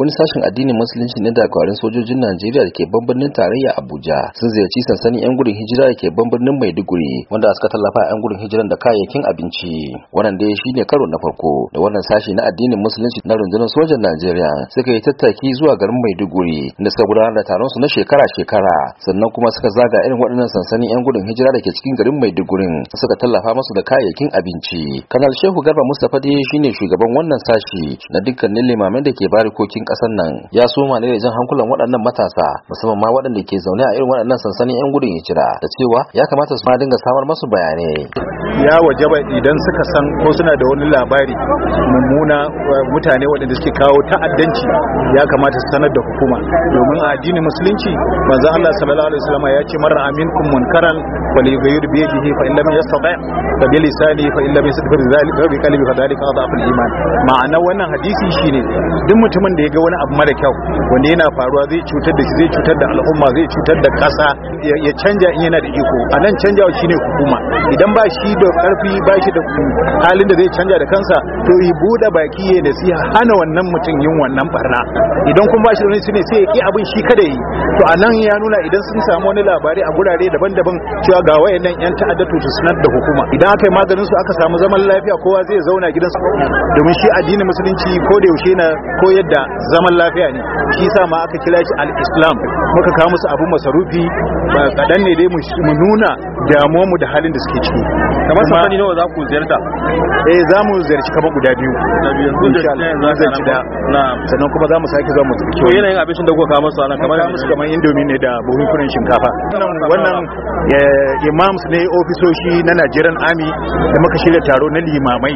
wani sashen addinin musulunci na dakarun sojojin Najeriya da ke bambanin tarayya Abuja sun ziyarci sansanin yan gudun hijira da ke bambanin Maiduguri wanda suka tallafa yan gudun hijiran da kayayyakin abinci wannan dai shine karo na farko da wannan sashi na addinin musulunci na rundunar sojan Najeriya suka yi tattaki zuwa garin Maiduguri da suka gudanar da taron su na shekara-shekara sannan kuma suka zaga irin waɗannan sansanin yan gudun hijira da ke cikin garin Maiduguri, suka tallafa musu da kayayyakin abinci. Kanal Shehu Garba Mustapha dai shine shugaban wannan sashi na dukkanin limamai da ke barikokin kasar nan ya suma ne da jan hankulan waɗannan matasa musamman ma waɗanda ke zaune a irin waɗannan sansanin 'yan gudun hijira da cewa ya kamata su ma dinga samar masu bayanai. Ya wajaba idan suka san ko suna da wani labari mummuna mutane waɗanda suke kawo ta'addanci ya kamata su sanar da hukuma domin a addinin musulunci manzo Allah sallallahu alaihi wasallam ya ce marra aminkum munkaran wal yughayyir bi yadihi fa in lam yastati fa bi lisani fa in lam yastati fa bi qalbi fa dhalika adhafu al iman ma'ana wannan hadisi shine duk mutumin da ya ga ga wani abu mara kyau wanda yana faruwa zai cutar da shi zai cutar da al'umma zai cutar da kasa ya canja in yana da iko a nan shi shine hukuma idan ba shi da ƙarfi ba shi da halin da zai canja da kansa to yi buɗe baki ya da siya hana wannan mutum yin wannan barna idan kuma ba shi da wani su sai ya ƙi abin shi kada yi to a nan ya nuna idan sun samu wani labari a gurare daban-daban cewa ga wayannan yan to su sanar da hukuma idan aka yi maganin su aka samu zaman lafiya kowa zai zauna gidansa domin shi addinin musulunci ko da yaushe na koyar da zaman lafiya ne shi sa ma aka kira shi al-islam muka kawo musu abun masarufi ba kadan ne dai mu nuna damuwar mu da halin da suke ciki kamar safani nawa za ku ziyarta eh za mu ziyarci kamar guda biyu insha biyu zai da sannan kuma za mu sake zuwa mu tsiki to yanayin abincin da kuka kawo musu anan kamar musu kamar indomie ne da buhun kunan shinkafa wannan imams ne ofisoshi na Nigerian Army da muka shirya taro na limamai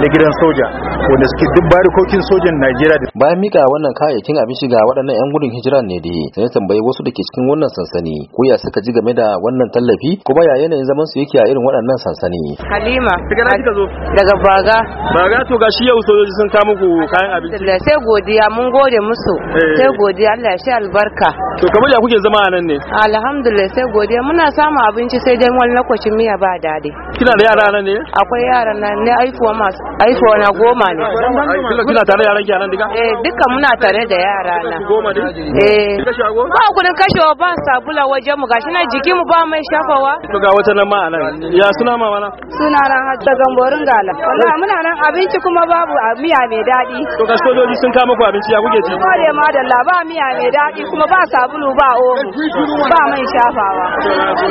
da gidan soja wanda suke duk kokin sojan Najeriya bayan mika wannan kayayyakin abinci ga waɗannan 'yan gudun hijira ne dai sai tambayi wasu da ke cikin wannan sansani ko ya suka ji game da wannan tallafi kuma ya yanayin zaman su yake a irin waɗannan sansani. Halima. Daga kika zo? Daga Baga. Baga to gashi yau sojoji sun kawo muku kayan abinci. Sai godiya mun gode musu. Eh. Sai godiya Allah ya sha albarka. To kamar ya kuke zama a nan ne? Alhamdulillah sai godiya muna samun abinci sai dai wani lokacin miya ba daɗi. Kina da yara nan ne? Akwai yara nan ne aifuwa masu aifuwa na goma ne. Kina tare yaran ki a nan diga Eh duka muna tare da yara na eh ba kudin kashewa ba sabula wajen mu gashi na jiki mu ba mai shafawa to ga wata nan ma anan ya suna ma mana suna ran hatta gamborin gala wallahi muna nan abinci kuma babu miya mai daɗi to ga sojoji sun kama muku abinci ya kuke ji kare ma da ba miya mai daɗi kuma ba sabulu ba omo ba mai shafawa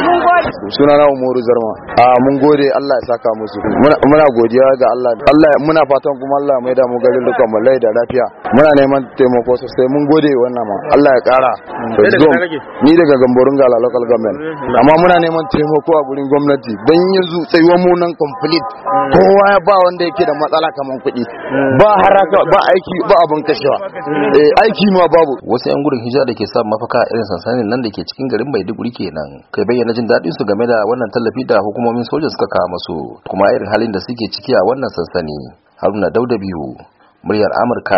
mun gode suna na umaru zarma a mun gode Allah ya saka musu muna godiya ga Allah Allah muna fatan kuma Allah ya da mu garin dukan mallai da lafiya muna neman taimako sosai mun gode wannan ma Allah ya kara mm. ni daga gamborin gala local government mm-hmm. amma muna neman taimako a gurin gwamnati don yanzu tsayuwar mu nan complete mm. kowa ya ba wanda yake da matsala kaman kuɗi mm. ba haraka ba aiki ba abin kashewa eh, aiki ma babu wasu yan gurin hijira da ke samun mafaka irin sansanin nan da ke cikin garin Maiduguri kenan kai bayyana jin daɗin su game da wannan tallafi da hukumomin soja suka kawo musu kuma irin halin da suke ciki a wannan sansani Haruna Dauda biyu muryar Amurka